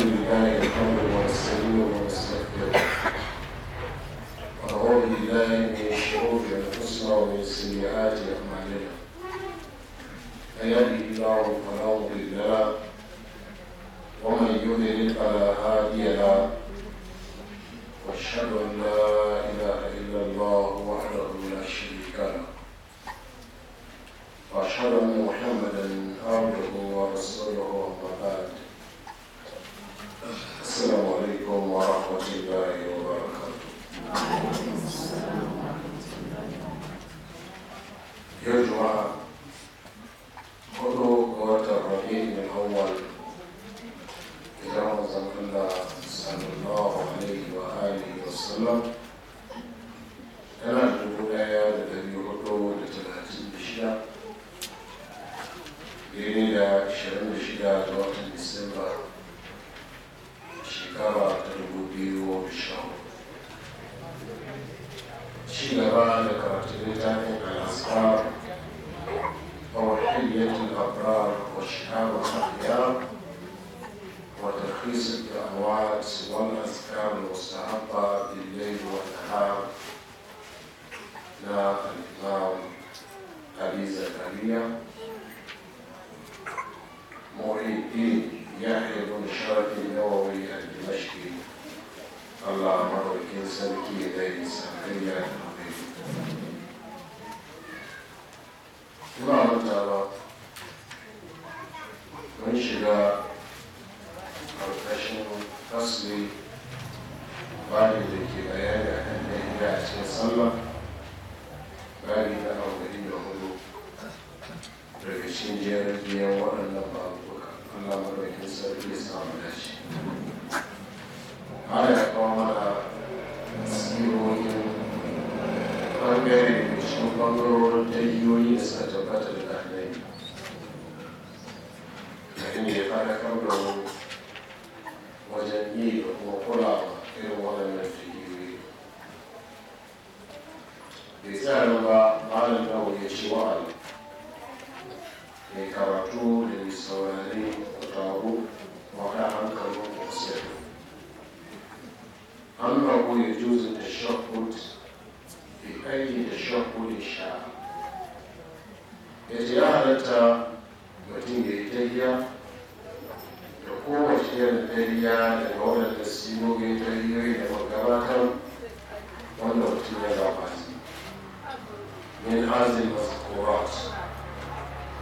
family guy, the family was, the woman was like that. tabii ki yeter insan.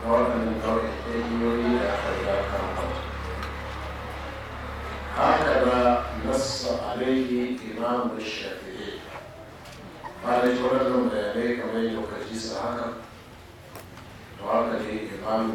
نورا من ضوء الدين يريد خيرك هكذا نص عليه إمام الشافعي قال يتولى بيانيك من يكجيس هكذا وهكذا إمام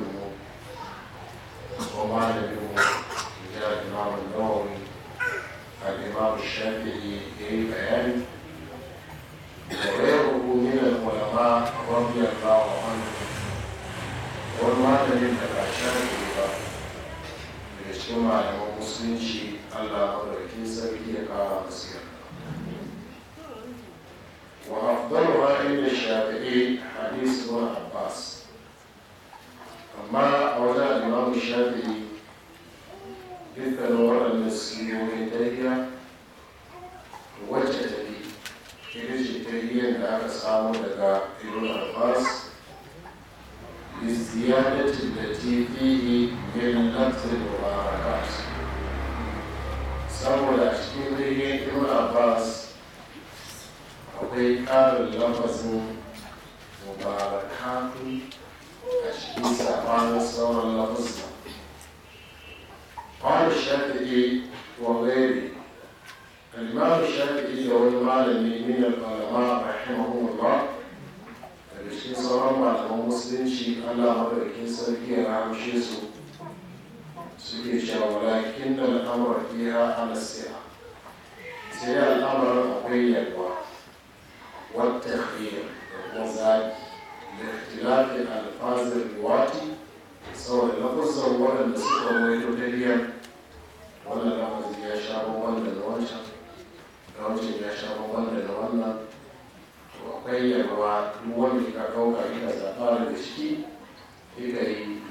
musulunci allah maɗaukin sarki ya rahamshe su suke cewa walakin da al'amura fiha ala siya sai al'amarin akwai yalwa wata khiyar da kuma zaɓi da ikhtilafin alfazin riwati saboda lafazan waɗanda suka waito ta biyan wannan lafazin ya sha bambam da wancan wancan ya sha bambam da wannan akwai yalwa duk ka ɗauka ita da shi ita yi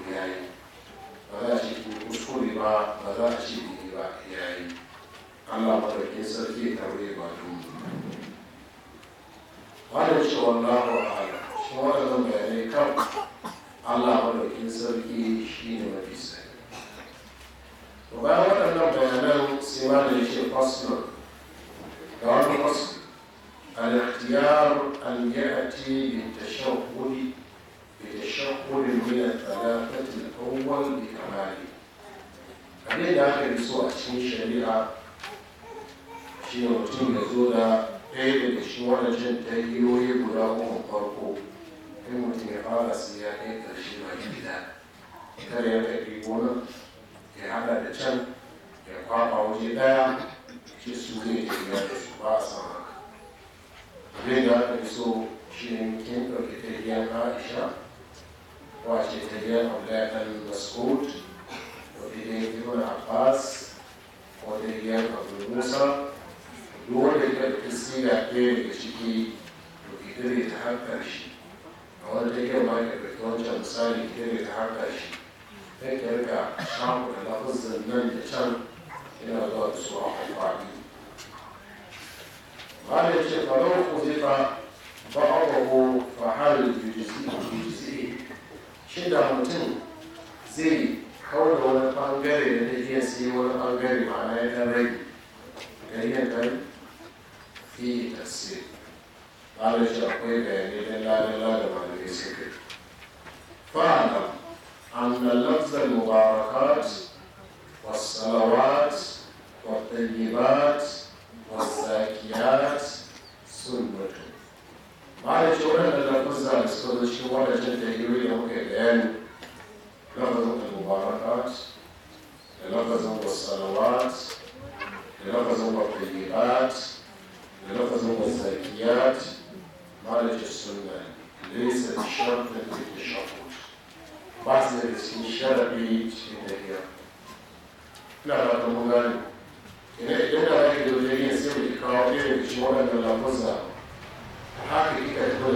ba za a kuskure ba ba za a ci ne ba ya yi sarki ba dubu wanda ala shi waɗannan bayanai kan allah sarki shi ne mafi bayan waɗannan bayanan sai wanda ya ce wani الاختيار أن يأتي بالتشغل بتشغل من الثلاثة الأول بكماله أبي داخل سوء أشين شريعة شين أبتين يزولا إيه قيل لشوانا جنتا يوي براغو مقرقو كم أبتين إيه يقال سياني ترشي مجددا ترى يقول يحبا دچن يقال أوجدا كسوكي تجمع سباسان Rida da so shi ne mutum ɗauki tafiyan Aisha, wace tafiyan Abdullahi ɗan Mas'ud, Abbas, wata tafiyan Abu Musa, duk wanda ya ɗauki siga ɗaya daga ciki to ki dire har ƙarshe. A wani tafiyan ma ya ɗauki wancan misali ki dire har ƙarshe. da lafazin nan da can yana zuwa da su a kwakwani. قال الشيخ فلو خذف بعضه فهل يجزئه shi da mutum zai kawar da wani bangare da zai iya sai wani bangare ma'ana ya dan rage ganyen dan fi tasiri ƙarar shi akwai bayanai dan lalala da malamai suka yi fa'ala أن لفظ المباركات والصلوات والطيبات والزاكيات سنة بعد شورا للفزة لسكوز الشوارع جدا يروي وكيلان لفظ المباركات لفظ والصلوات لفظ والطيبات لفظ والزاكيات معالج السنة ليس الشرط في التشهد بعض الاسم الشرعي في التهيئة لا لا تمغاني inaweza kwenda kuona na est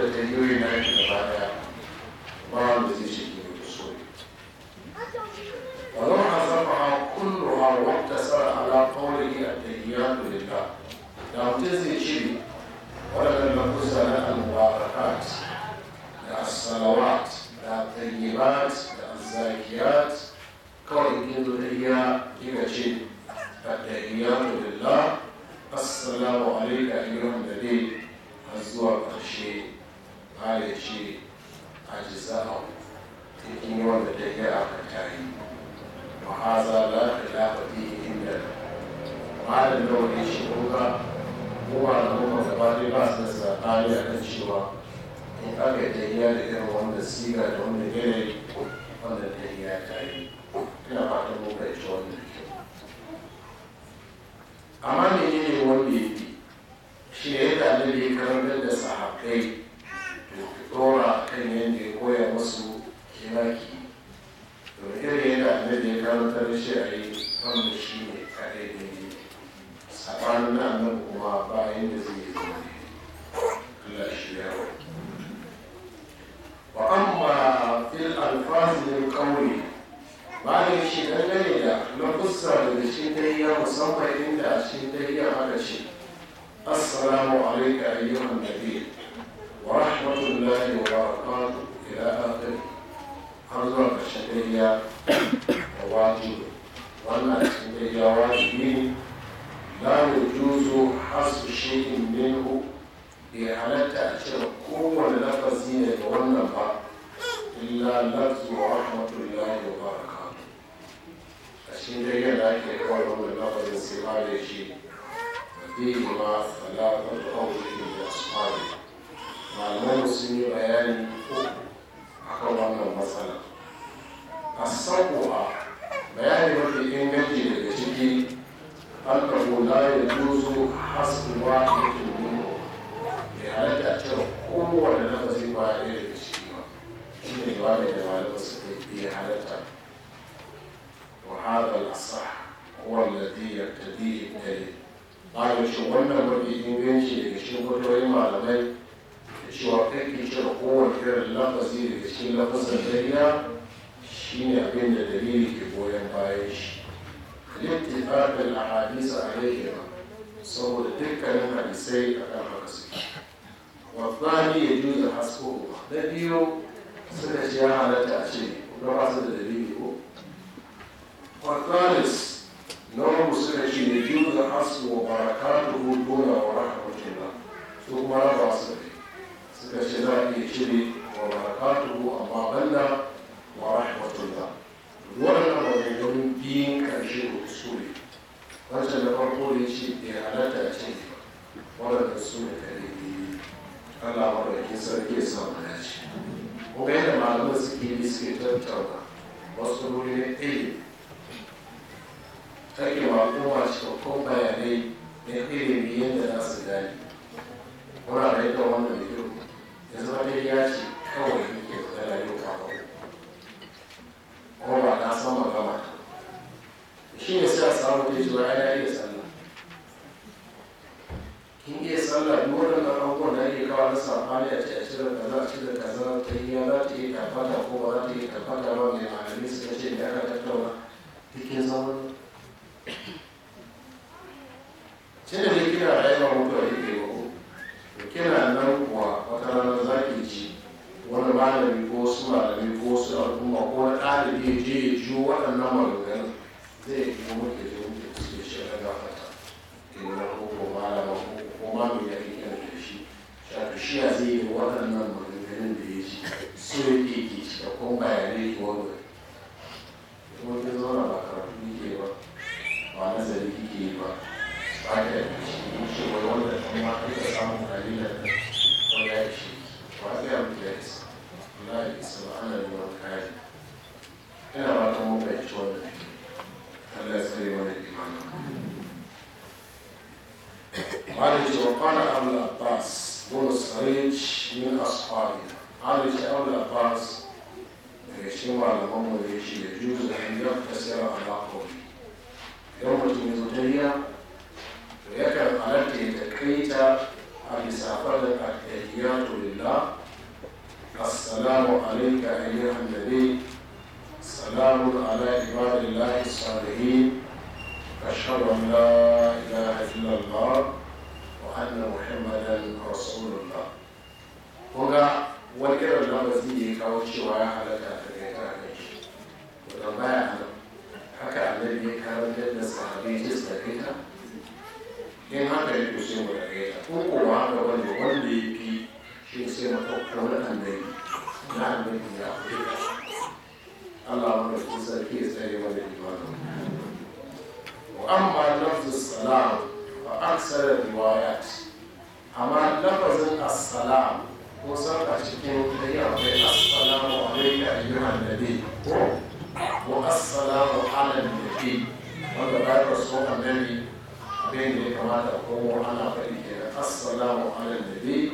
wajen da ya kamata a komo ana faɗi kenan assalamu alal nabi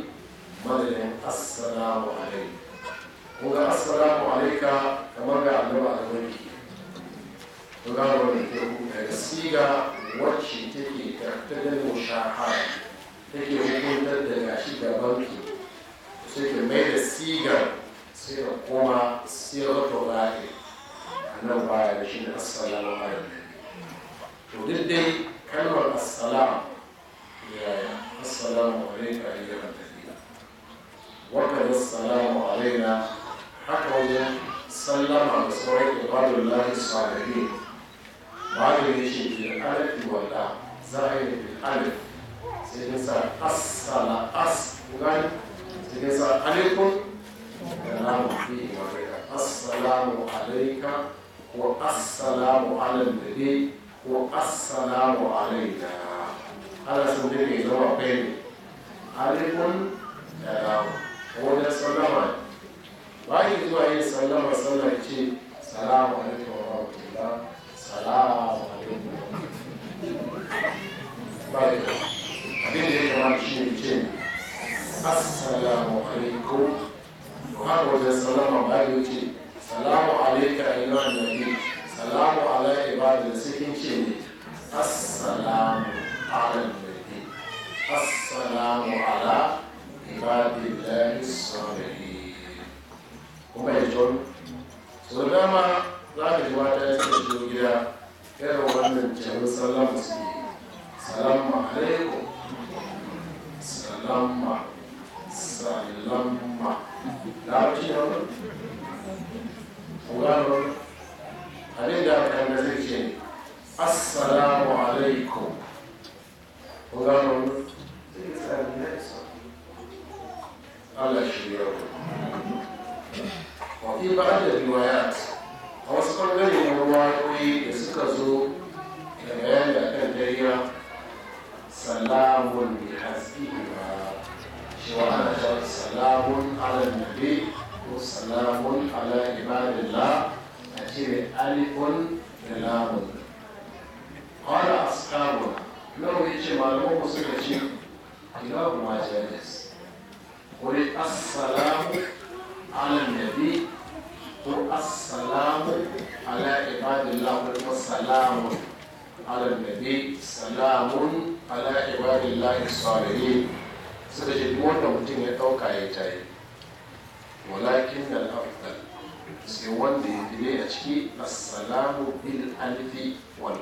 madadin assalamu alaikum kun ga assalamu alaika kamar ga annaba a mulki to ga wani daga siga wacce take tattalin mushahara take hukuntar da gashi da banki sai ke mai da sigar sai da koma siratu ra'i a nan baya da shi da assalamu alaikum to duk dai كلمة السلام هي السلام عليك أيها النبي وكذا السلام علينا حقه سلم على سورة عباد الله الصالحين بعد يجي في الألف واللام زائد في الألف سيجلس أصل أصل سيجلس عليكم السلام فيه وبيع السلام عليك والسلام على النبي والسلام علينا هذا سندري اللي هو بين عليكم السلام آه، هو ده سلم واحد يقول ايه سلم سلم سلام عليكم ورحمه الله سلام عليكم طيب بعدين ايه كمان شيء يجي السلام عليكم وهذا السلام عليكم سلام عليك ايها النبي السلام على عباد السكين السلام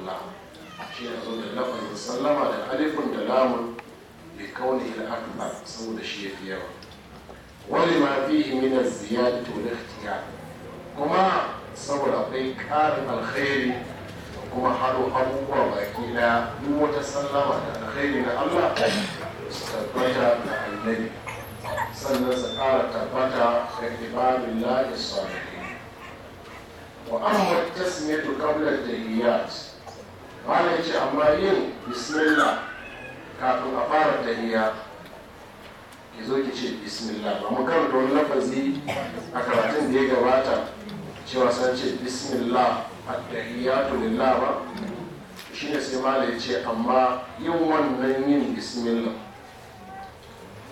Allah shi ya zo da lafazin sallama da alifin da lamun li kaunihi al-akbar saboda shi ya fi yawa wani ma fihi min az-ziyadati wal kuma saboda akwai karin alkhairi kuma haro abubuwa bakina, daya wata sallama da alkhairi na Allah su tabbata da annabi sannan su kara tabbata da ibadillahi salihin wa amma tasmiyatu qabla da tahiyyat malam ce amma yin bismillah kafin a fara tahiya ki zo ki ce bismillah ba mu karanta don lafazi a karatun da ya gabata cewa san ce bismillah at to lillah ba shi ne sai malam ya ce amma yin wannan yin bismillah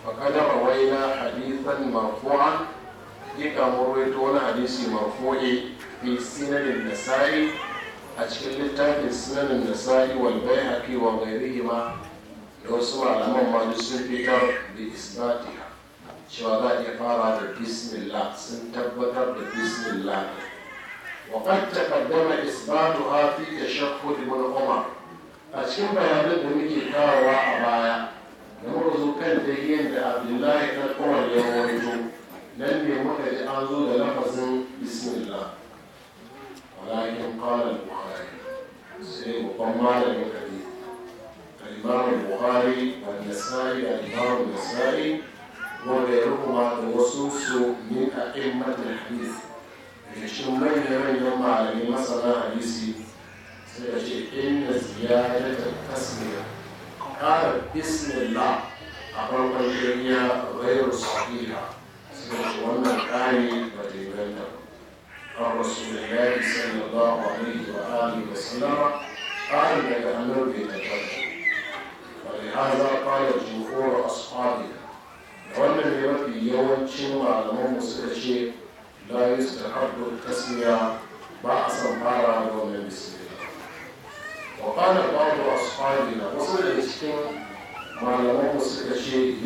فقد روينا حديثا مرفوعا يقام رويتون حديث مرفوع في سنن النسائي a cikin littafin sunanin da sa'i wal bai haƙi wa gairihi ma da wasu malaman ma duk sun fitar da isnatiha cewa za a iya fara da bismillah sun tabbatar da bismillah وقد تقدم إثباتها في تشهد ابن عمر a cikin bayanan da muke kawowa a baya da muka zo kan tahiyyar da abdullahi ɗan kowar ya rawaito nan ne muka ji an zo da lafazin bismillah ولكن قال البخاري سيد وطمع الحديث الإمام البخاري والنسائي الإمام النسائي وغيرهما توسوس من أئمة الحديث يشمل من يوم على مثلا حديثي سيأتي إن زيادة التسمية قال بسم الله أقرب الدنيا غير صحيحة سيأتي وأن الآية بديبان الرسول الله صلى الله عليه وآله وسلم قال لك يتأمر في تفجر ولهذا قال جمهور أصحابنا وأن في يوم شنو على موسى الشيء لا يستحب التسمية بأس مرة يوم بسم الله وقال بعض أصحابنا وصل الشيء ما لم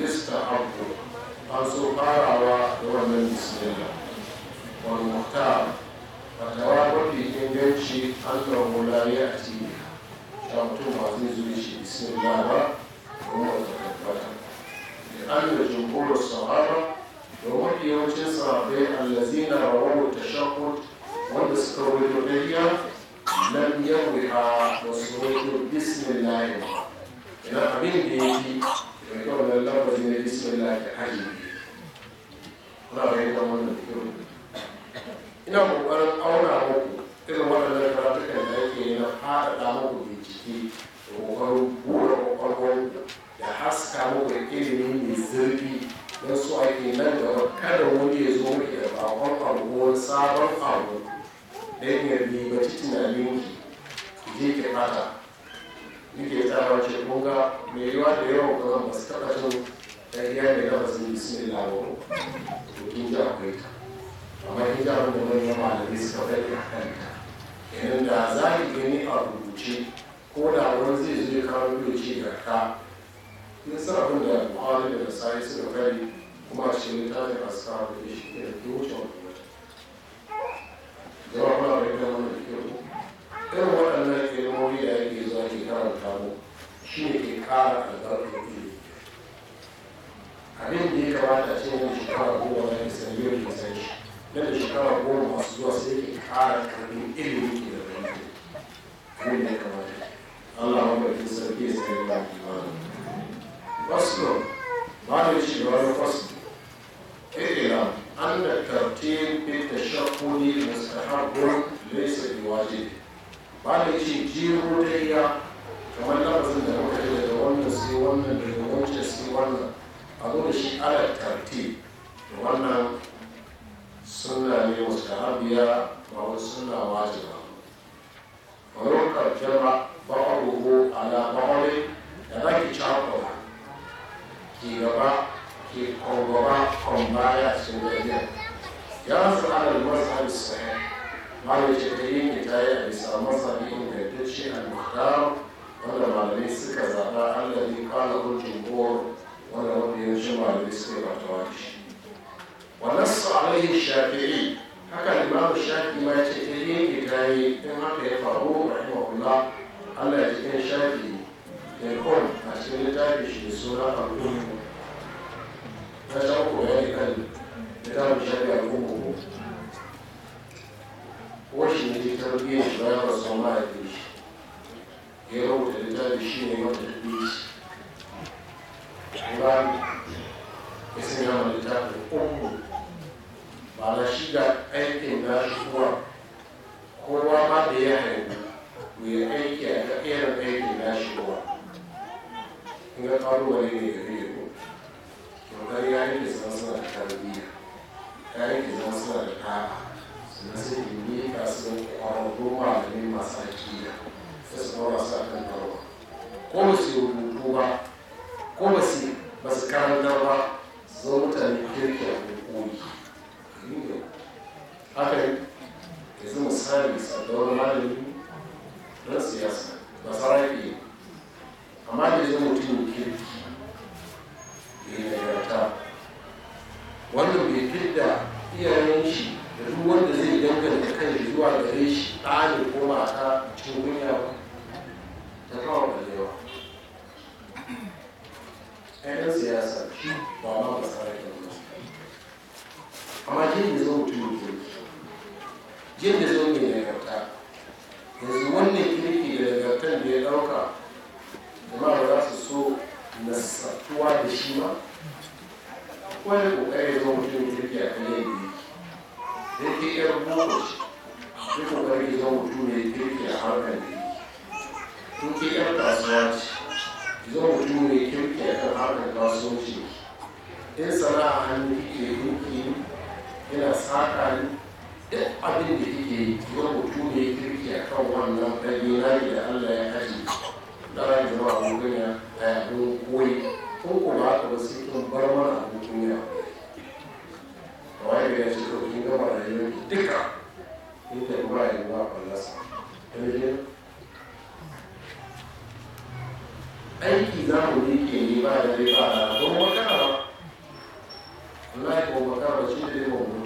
يستحب أن سقى على يوم بسم الله والمختار فالجواب في إنجلشي أنه لا يأتي شرطه عزيز لشي بسم الله وهو تكبر لأن جمهور الصحابة ومحي وجه الصحابة الذين رووا التشهد والاستوى الدنيا لم يروها وسويت بسم الله إلى أمين بيدي ويقول الله بسم الله حي. Bravo, ahí estamos en ina kokarin auna muku irin waɗannan karatukan da ake yi na faɗaɗa muku bincike da kokarin buɗe kwakwalwar da haska muku ilimi mai zurfi don su ake nan da kada wani ya zo muke da bakon abu sabon abu da yake ribaci tunanin ki je ki fata nike tsara ce kun ga mai yiwa da yawan kuma ba su taɓa jin ɗariya da gaba sun yi sun yi labaru to kin ji akwai ta kamar yadda abin da manyan malamai suka faɗi a kanta kenan da za ki gani a rubuce ko da wani zai zo ya kawo biyu ce ga ka in sa abin da buhari da nasari suka faɗi kuma a cikin littafin a suka haɗu da shi ne da wuce wani wata zama kuna rai da wani kyau irin waɗannan ilmomi da ake zuwa ke karanta mu shi ne ke ƙara albarkar ilimi abin da ya kamata a cikin shekara goma na isan yau da san shi dada shekara goma masu zuwa sai ka kara karbi ilimi ke da wani abin da kamata Allah wanda ke sarki sai ya ba ki ba wasu ba da shi wani wasu إلا أن الترتيب بالتشغل مستحب ليس بواجب بعد يجي جيرو ديا كمان لفظ ده هو كده ده وانا سي وانا ده وانا سي وانا أقول شيء على الترتيب وانا sunna ne mustahabiya ba wai sunna wajiba rukar jama ba'aruhu ala ba'ari da zaki cakuɗa ki gaba ki kongaba kongbaya sun gajiyar ya su ala masabi sahih malu ce ta yi ne ta yi a bisa masabi ingantacce al-muhtar wanda malamai suka zaɓa allah ne kala hujjin wanda wanda ya ji malamai suka yi ba ta wani shi ونص عليه الشافعي haka limamu shafi ma ce ta yi ta yi in haka ya faru rahimahullah allah ya cikin shafi da kun a cikin littafi shi suna al'ummu ta can koya ne kan littafin shafi ne shi ne wata Ensinando a lidar com o mundo. Balashiga aikin nashi kuwa kowa ma da ya haihu mai aiki a ga irin aikin nashi kuwa. In ga ƙalubale ne da zai ko. Kyautar ya yi da zama suna da tarbiyya, ya yi da zama suna da ta'a, sannan sai yi miƙa su kwararru malamai masu aƙida, sai su ɗora su a kan karwa. Ko ba su yi rubutu ba, ko ba su zo mutane kirki a kogi haka ne zama misali sadawar malami na siyasa ba sarari amma da yanzu mutum kirki mai nagarta wanda bai fidda iyayen shi da duk wanda zai danganta kai zuwa gare shi ɗa ko mata cikin kunya ta kawo da yawa ɗan siyasa ba ma ba sa rike ba amma jin da zo mutum ne jin da zo ne nagarta yanzu wannan kirki da nagartar da ya ɗauka jama'a za su so nasatuwa da shi ma wani ƙoƙari zo mutum kirki a kan yadda da ke yar boko shi ƙoƙari zo mutum ne kirki a harkar da yake kun ke yar kasuwa ce zama mai kirki a kan harkar kasuwanci in sana'a hannu ke kirki yana saƙa ni duk abin da kike yi zama mutum mai kirki a kan wannan fage na da allah ya kashe da rayu zama abokan a yabon koyi ko kuma haka ba sai kin bar mana abokin ya kawai da ya ce kawai kin gama rayuwar duka in ta ba ya yi ba a fallasa. aiki za ku yi ke ne ba da dai ba don makara wallahi ko makara shi da dai ba mu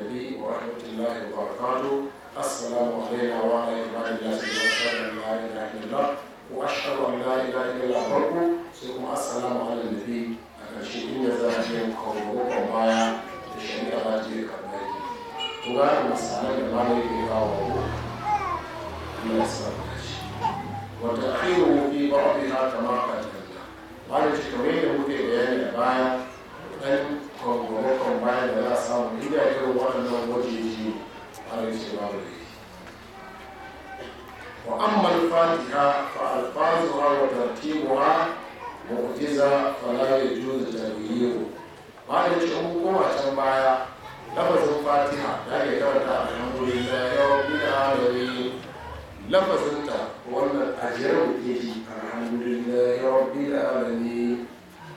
النبي ورحمة الله وبركاته السلام علينا وعلى عباد الله وأشهد أن لا إله إلا الله وأشهد أن لا إله إلا الله سيكون السلام على النبي akan shi inda za a yin kwanwakon baya da shari'a ba ta yi karɓar yi. Kuma misalan da ma ne ke kawo wa Allah sarrafa shi. Wata akhiru fi ba'dha kama qadalla. Wani cikin da muke bayani a baya ɗan kwangwame bayan da za a samu inda irin waɗannan wajeji a rikici babu da yake wa amma alfatiha fa alfazuha wa tartibuha mu'jiza fala yajuzu tarwiyu ba da ce an koma can baya lafazin fatiha da ke karanta a kan wuri da yawa bida da yi lafazinta wannan ajiyar wuri a kan wuri da yawa bida da yi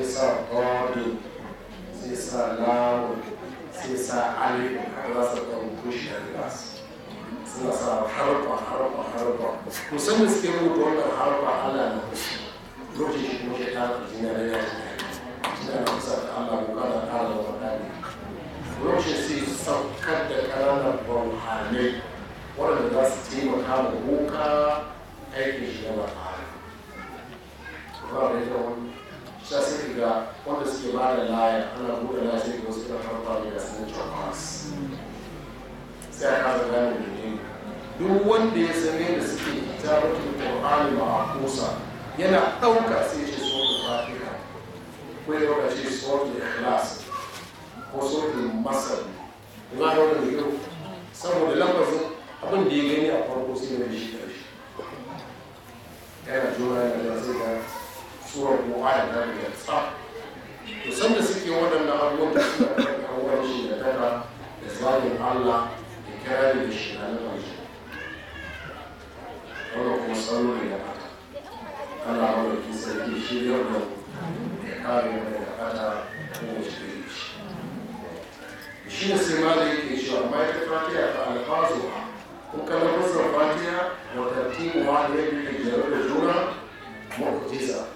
سيسا ضاد سيسا لام سيسا علي حراسة ومكوشة للأسف suna sa harfa harfa harfa musamman suke rubuta wannan harfa ala na lokacin shi kuma shi ta jina da yawa ina da kusa da Allah ko kada kala wa dani lokacin sai saukar da ƙananan burhanai waɗanda za su taimaka ma boka aikin shi na ba a ba da yawa sai sai ga wanda suke ba da laya ana buɗe laya sai ga wasu irin harfa ne da sanin chokwas sai a kasa gane da ne duk wanda ya san yadda suke jarumin qur'ani ma a kusa yana ɗauka sai shi suratul fatiha ko ya ɗauka shi suratul ikhlas ko suratul masar ina da wannan yau saboda lafazin abin da ya gani a farko sai ya shi ƙarshe yana juna yana da sai ga surar mu aya ta biyar sa to san da suke waɗannan abubuwan da suka kan abubuwan shi da daga da zalin Allah da kirari da shi na nan shi wannan kuma tsaro ne da aka ana wani kin sarki shi yau da kare mai da aka kowace iri shi shi ne sai ma da yake shi amma ya ta fatiya ta alfazuwa وكما نصر الفاتحة وترتيبها يجري الجنة معجزة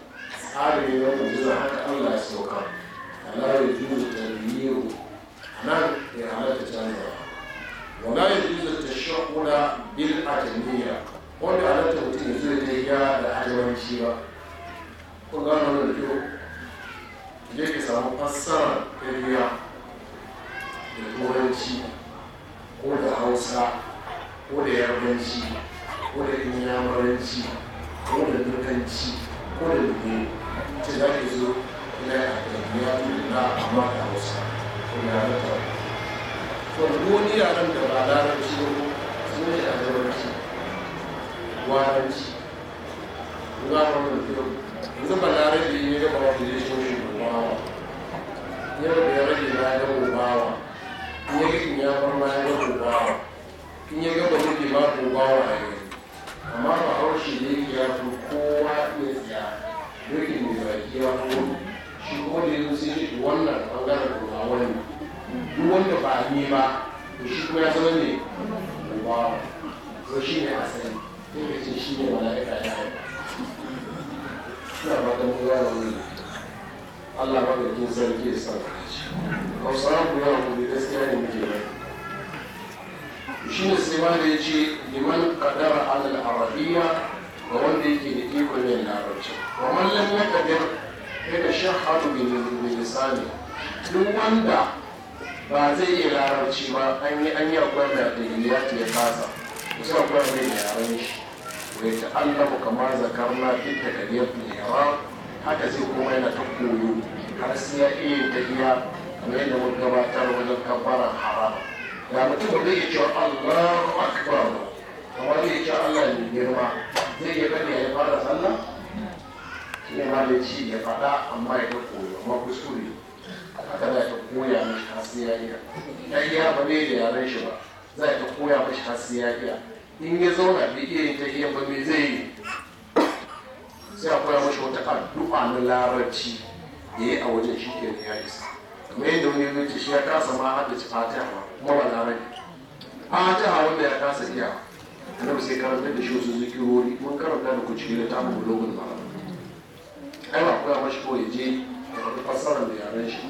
tsari ne wanda zuwa Allah ya sauka ala ya juzu tarbiyyar a nan ya halatta canza wala ya juzu ta shakula bil atamiyya wanda halatta mutum ya zai ya da ajawanci ba kun gano da kyau je ka samu fassara ta riya da turanci ko da hausa ko da yarbanci ko da inyamuranci ko da dukanci ko da dubu ce za ki zo ina a kai ya tuni na amma da hausa ko ya rata to wani yaran da ba larabci ba su ne a larabci waranci ba ma mun kyau yanzu ba larabci ne ga ba wani ne shi ne gobawa yau da ya rage na ya gobawa in ya rikin ya bar ma ya gobawa in ya gaba ne ma gobawa ne amma ba haushe ne ya fi kowa ne tsaya dokin mai baki ya ko shi kuma da yanzu sai shi wannan bangaren kuma wannan duk wanda ba ni ba to shi kuma ya zama ne ba ko shi ne asali sai ce shi ne mala'ika ya haifa suna ba ta kuma yawon ne Allah ba da jin sarki ya san hausawa kuma yawon ne gaskiya ne muke ba shi ne sai ma da ya ce liman kadara alal arabiya ga wanda yake ne ilimin larabci wa mallan ya kadir ya da shahadu bi lisani duk wanda ba zai yi larabci ba an yi an yi akwai da daliliyati ya kasa kusa akwai zai da yaran shi wai ta allafa kamar zakarna duk da kariyar yara haka zai kuma yana ta koyo har sai ya iya ta tafiya kamar yadda mun gabatar wajen kabbaran haram da mutum zai yi cewa allahu akbar kamar zai yi cewa allah ne girma zai yi bane ya fara sallah ne ma da ci ya faɗa amma ya ta koyo amma kuskure haka za ta koya mishi har sai ya iya Ta iya ba ne da yaran shi ba za ta koya mishi har sai ya iya in ya zauna bai iya yin iya ba me zai yi sai a koya mashi wata addu'a na larabci da ya a wajen shi ke ya isa kamar yadda wani yanzu shi ya kasa ma hada ci fatiha ba kuma ba larabi fatiha wanda ya kasa iya annabi sai karantar da shi wasu zikirori mun karanta da ku cikin ta mu logon mara ai ba koya mashi ya je ya wani fassara da yaren shi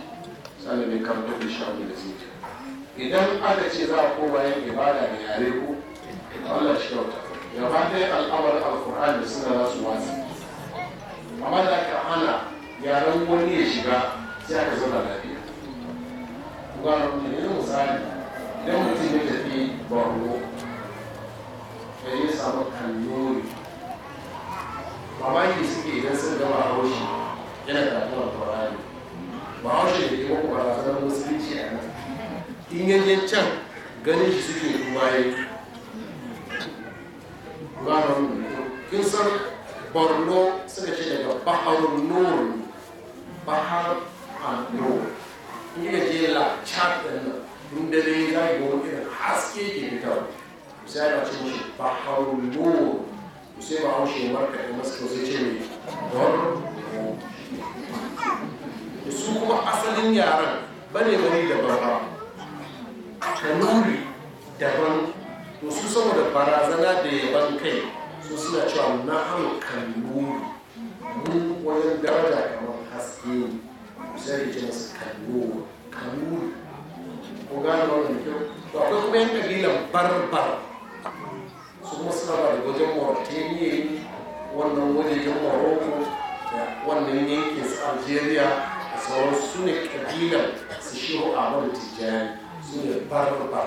mai karantar da shi a wani da zikir idan aka ce za a koma yin ibada da yare ko Allah shi kyauta gaba ɗaya al'amar alkur'ani da suna za su watsi amma da aka hana yaren wani ya shiga sai aka zama lafiya ku gano mutum yanzu misali idan mutum ya tafi borno sai ya samu kannuri mamaki suke idan sun gama haushi yana karatu a kwarari ba haushi da ke muku barazanar musulunci a nan in yanyan can ganin shi suke kuma yi kin san borno suka ce daga baharun nuru bahar hannu in yi gajela chat ɗin nan in dare ya yi wani haske ke fitarwa misali a ce mai baharul nur sai ba haushe marka da maskau sai ce mai don da su kuma asalin yaran bane bane da bara da nuri daban to su saboda barazana da yaban kai su suna cewa na hankan nuri mun wajen daraja kamar haske ne misali ce masu kallo kanuri ko gane wannan kyau to akwai kuma yan kabilan barbar kuma suna da wajen mauritania wannan wajejen morocco da wannan yankin su algeria da sauran su ne kabilan su shehu wani tijjani su ne barbar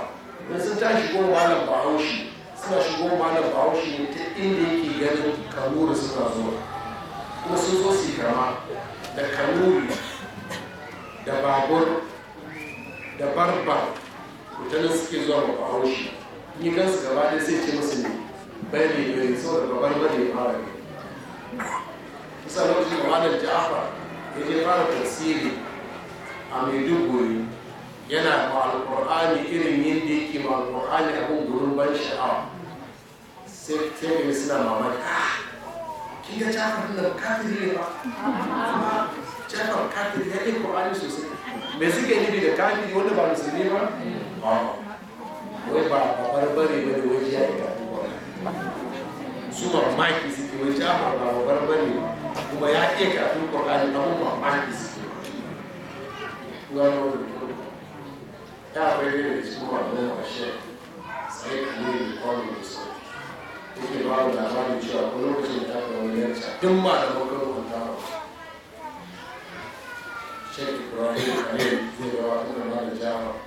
don sun ta shigo malam bahaushe suna shigo malam bahaushe ne ta inda yake ganin kanuri suna zuwa kuma sun zo su kama da kanuri da babur da barbar mutanen suke zuwa ma bahaushe in gan su gaba ɗaya sai ce musu ne bari ne saboda babban fara tafsiri a yana ma alƙur'ani irin yadda yake ma ah, ne da kafiri ne ba me suke da kafiri ba ba eh. wai ba babarbare ba ne wai ya yi kasuwa su mamaki suke wai jafar ba babarbare kuma ya iya kafin ƙwarari abin mamaki suke wani wani ya bai da cikin wannan ashe sai kuma yi kwanu da su yake ba da labarin cewa ko lokacin da aka wani yarca duk ma da makarar kwanta Sheikh Ibrahim Khalil zai rawa kuma ma da jama'a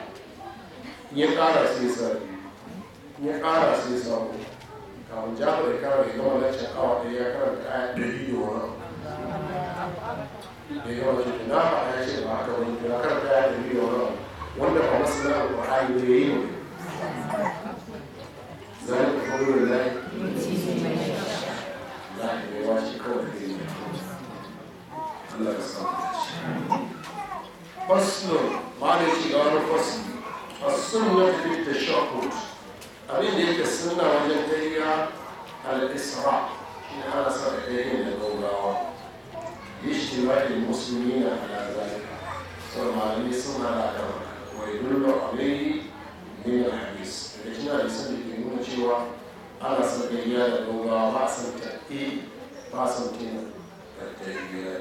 ya ƙara sai sa'i ya ƙara sai sabo kafin jafar ya kara ya gama lacin awa ɗaya ya karanta aya ɗari da wani da yawa ce na faɗa ya ce ba haka wani ya karanta aya ɗari da wani wanda ba masu na ko ne ya yi ne zai ka kawo da zai za wa shi kawai da yi Allah ka samu faslun ma ne shi ga wani السنه في التشهد قبل هيك السنه وجدت هي الاسراء من على صحيحين الاولى لاجتماع المسلمين على ذلك صلى الله عليه وسلم على كما ويدل عليه من الحديث رجنا لسنه في المنجوة على صحيحين الاولى راسا تاكيد راسا تين التحيات لله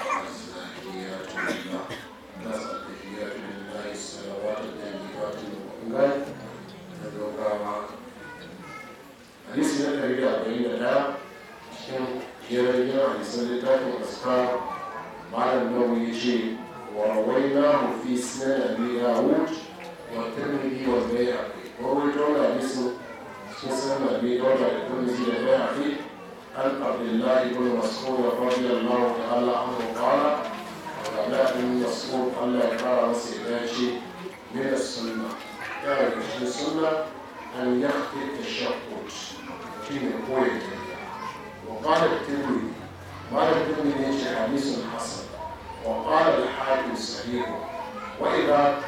التحيات لله التحيات لله الصلوات الطيبات المقبولات الركعة حديث من النبي أربعين دقيقة شن يرجع لسنة الأسفار بعد النووي ورويناه في سنن أبي داوود والترمذي والبيهقي ورويته حديث سنن أبي داوود والترمذي والبيهقي عن عبد الله بن مسعود رضي الله تعالى عنه قال لكن يصوم ألا يقع استدراجي من السنة يعني من السنة أن يخفي التشقق في نقوله وقال الترمذي قال الترمذي حديث حسن وقال الحاكم صحيح وإذا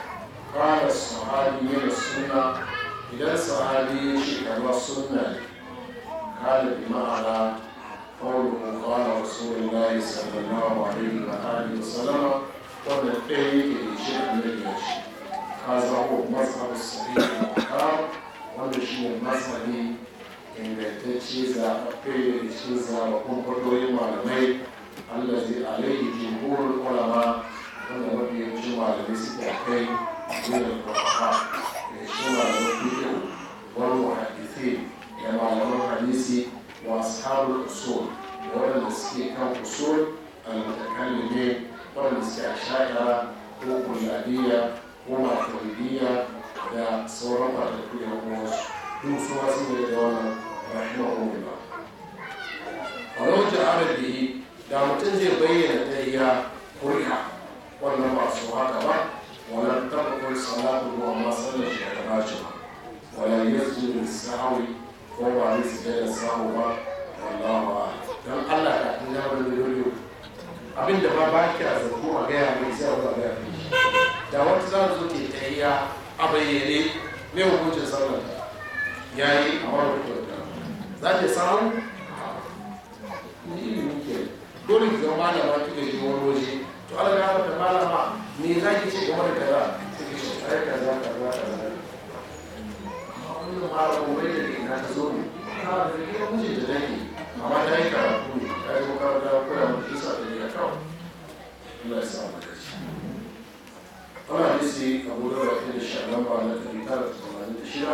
قال الصحابي من السنة إذا الصحابي شكل السنة قال بمعنى قوله قال رسول الله صلى الله عليه وآله وسلم قد فيه شيخ من الجيش هذا هو مصحف الصحيح المقام ومشي المصحفي إن تجيز أقفي تجيز وكم قدوي معلمي الذي عليه جمهور العلماء أن ربي يجمع لبسك أقفي من الفقهاء يجمع لبسك والمحدثين كما معلمون حديثي واصحاب الاصول دول المسكين كان اصول المتكلمين إيه؟ دول المسكين الشاعره هو بنياديه هو مفروديه دا صورة تقول يا موش دو صورة سيدة دولة رحمه الله فلوجة عبد به دا متنزل بين تهيا قرية ولا ما صورة با ولا تقبل صلاة الله ما صلى شهر راجعة ولا يسجد السعوي ko ba ni su da samu ba wallahi Don Allah ka tun ya bani dole abin da ba ba ki a zato a gaya mai sai a gaya da wata za zo ke tayya a bayyane me hukuncin sallar yi a wannan kyauta za ta samu ni ne ke dole ki zama malama kike je wani waje to Allah ya fata malama me za ki ce game da kaza kike ce ai kaza kaza kaza kullum ƙara gobe da ke na ta zo ne na da ke miji da dangi amma ta yi karatu ne ta yi makaranta koya mutu isa da ya kawo Allah ya sa mata shi wannan hadisi abu da wata da shi alamba na ɗari tara da tamanin da shida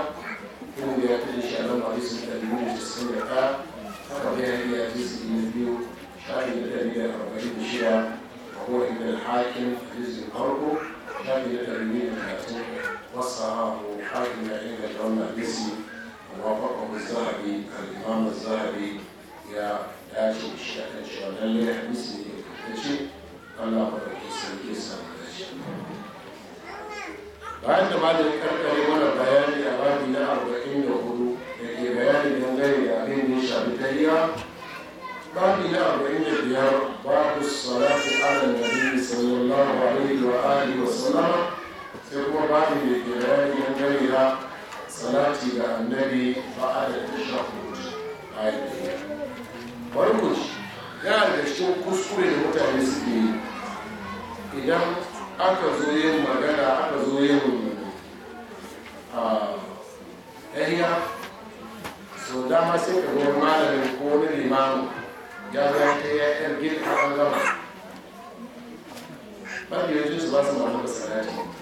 kuma da ya ta da shi alamba hadisi da ɗari biyu da sun da ta haka da ya yi hadisi na biyu shafi da ɗari da arba'in da shida akwai ibn al-hakim hadisi farko shafi da ɗari biyu da talatin wasu حاكم عين الإمام المهدسي ورافقه الذهبي الإمام الذهبي يا داشو الشيخ الشيخ اللي يحبسني تجي الله بركي سلكي سلكي بعد ما ذكرت لي ولا بياني أرادي لا أربعين يقولوا اللي بياني من غير يعني نشا بتيا بعد لا أربعين ديار بعد الصلاة على النبي صلى الله عليه وآله وسلم sai kuma babu da ke bayani dangane da salati ga annabi ba a da tashahud ayyuka bari yana da cikin kuskure da mutane suke yi idan aka zo yin magana aka zo yin ɗaya so dama sai ka zo malamin ko wani limamu ya zai ta ya yar girka an gama ba da yanzu su ba su mamu salati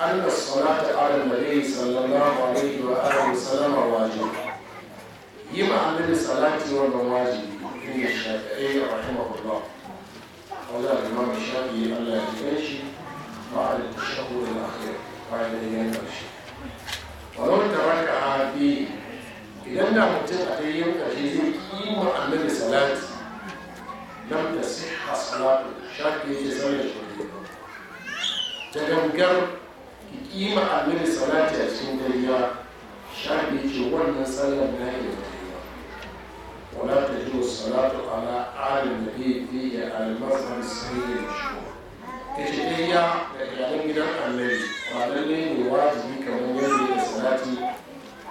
أن الصلاة على النبي صلى الله عليه وآله وسلم واجب يما عمل الصلاة ومن واجب عند الشافعي رحمه الله قال الإمام الشافعي ألا يتفشي بعد الشهور الأخير بعد أيام الشهر ولو تركع في إذا لم تقع يوم أجيزي يما عمل الصلاة لم تصح صلاة الشافعي صلى الله عليه وسلم kima amini salati a cikin gayya shafi ce wannan sallar na yi da gayya wala ta ji salatu ala alin da bi fi ya almasar sayyid shuwa ta ce gayya da iyalan gidan annabi ba lalle ne wajibi kamar yadda ya salati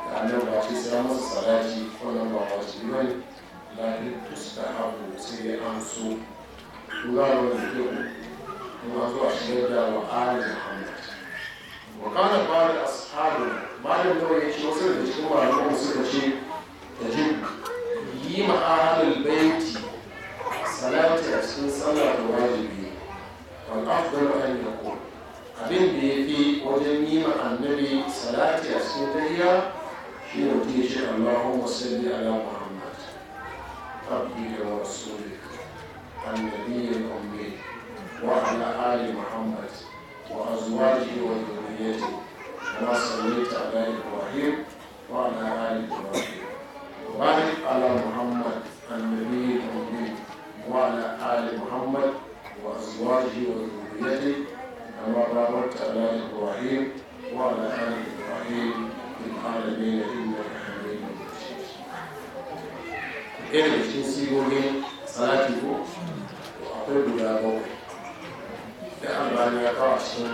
da annabi ba ce sai masa salati wannan ba wajibi ba ne lafi tustahabu sai ya amso. Tura wani kyau, kuma zuwa shigar da wa'alin hamdu. وقال بعض أصحابه ما لم نوع يشي وصل لجكم على نوع وصل لشي تجب يما أهل البيت صلاة أسفل صلاة واجبي والأفضل أن يقول abin da ya fi wajen yi ma annabi salati a cikin tahiya shi ne mutum ya ce Allahumma salli ala Muhammad abdika wa rasulika annabiyyil ummi wa ala ali Muhammad wa azwajihi wa dhurriyyatihi ذريته كما صليت على إبراهيم وعلى آل إبراهيم وبارك على محمد النبي الأمي وعلى آل محمد وأزواجه وذريته كما باركت على إبراهيم وعلى آل إبراهيم في العالمين إنك حميد مجيد. إيه جنسي salati ko akwai guda bakwai da albani ya kawo a cikin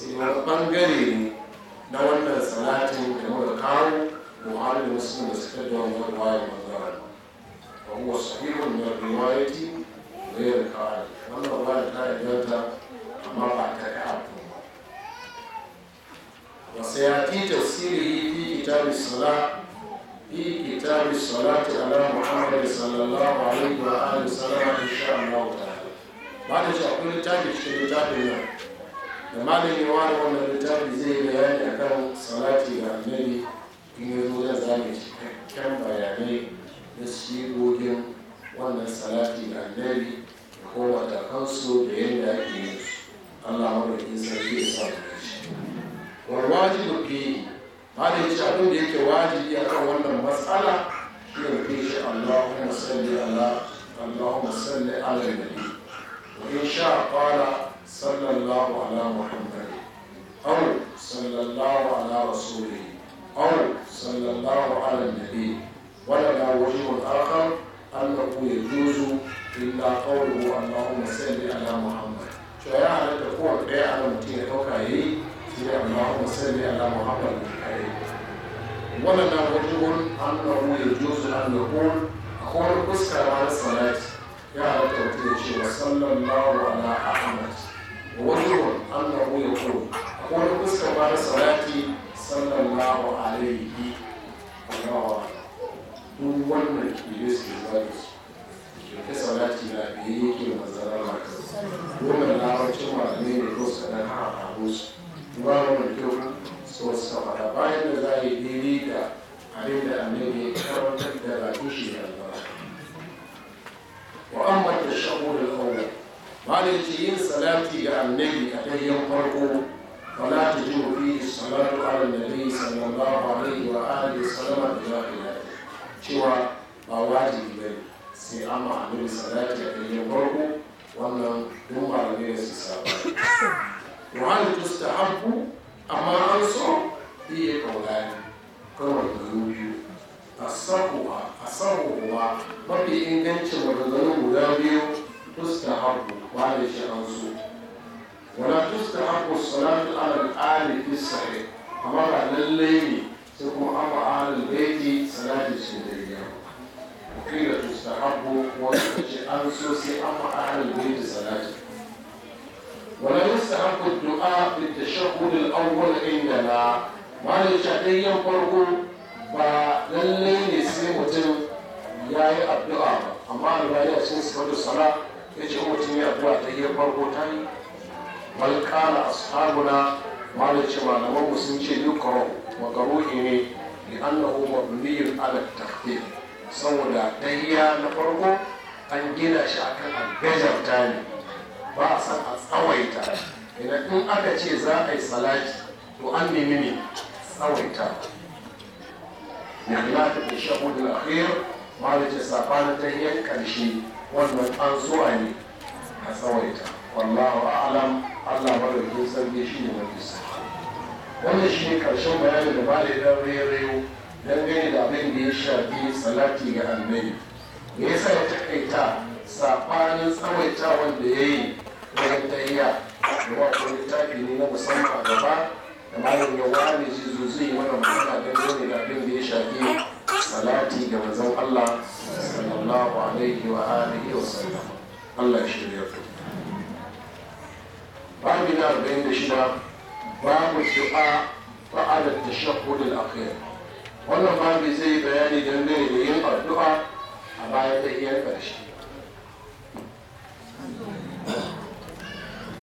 sai wani bangare ne na wannan salatin da muka kawo buhari da muslim da suka da wannan ruwayar manzara wa huwa sahihun min riwayati ghayr qari wannan ruwaya ta yi inganta amma ba ta da abu ba wa sayati tafsiri fi kitab as-salat fi kitab as-salat ala muhammad sallallahu alaihi wa alihi wa sallam insha Allah ta'ala ba da shi akwai littafi cikin littafin nan da malami wani wannan littafi zai bayani akan salati da annabi in ya zo zan zame cikakken bayanai na sigogin wannan salati ga annabi da kuma matakansu da yadda ake su allah mabarkin sarki ya samu kashi warwajibu fihi malami ce abin da yake wajibi kan wannan matsala shi ne fi shi allahumma salli ala اللهم صل على النبي sallallahu ala muhammad aw sallallahu ala rasuli aw sallallahu ala nabi wala la wajibu akhar an naqu yajuzu illa qawluhu allahumma salli ala muhammad to ya ala da ko da ya ala mutiya to kai shi allahumma salli ala muhammad kai wala la wajibu an naqu yajuzu an naqu akwai kuskara salat ya ala ta ce sallallahu ala muhammad ووجه أنه يقول أقول قصة بعد صلاتي صلى الله عليه الله duk wannan kire su zuwa da su da ta salati na biye yake da manzara mata wannan larabcin malamai ne ko sanar a faru su ba wannan kyau so saboda bayan da za a yi daidai da abin da annabi ya karantar da rafi shi da albarka wa amma da shago da kawo wani yake yin salati ga annabi a ɗayyan farko wala ta ji fi salatu ala nabi sallallahu alaihi wa alihi sallama da ya ila cewa ba wajibi ba sai an ma annabi salati a ɗayyan farko wannan duk malamai su saba wa hal tustahabbu amma an so iya kaulani kawai da biyu asahuwa asahuwa mafi ingancin maganganun guda biyu tustahabbu ba da shi an so wala tustahabu salatu ala al-ali fi sahih amma ba lallai ne sai kuma an ba alal baiti salati su da riya kila tustahabu wanda ce an so sai an ba alal baiti salati wala yustahabu du'a bi tashahhud al-awwal indana ma da shadayyan farko ba lallai ne sai mutum ya yi addu'a ba amma da ya ya sun sifatu sala ya ce mutum ya addu'a ta hiyar farko ta yi bal kana ashabuna malai ce malaman sun ce yukro makaruhi ne li annahu mabniyun ala tahdir saboda tahiya na farko an gina shi akan albejar ta ne ba a san a tsawaita idan in aka ce za a yi salati to an nemi ne tsawaita ya khilafin da shahudul akhir malai ce safanin tahiyar karshe wannan an so a yi a tsawaita wallahu a'lam allah madaukin sarki shi ne mafi sarki wannan shi ne karshen bayanin da bada ya dan dan gani da abin da ya shafi salati ga annabi me yasa ya takaita sabanin tsawaita wanda ya yi wajen tayya kuma akwai littafi ne na musamman a gaba da malam ya wani zai zo yi mana magana dan gani da abin da ya shafi salati ga manzon Allah sallallahu alaihi wa alihi wa sallam Allah ya shirya ku babu na arba'in da shida babu du'a ba'ada tashahhud al-akhir wannan babu zai bayani dangane da yin addu'a a bayan da iya ƙarshe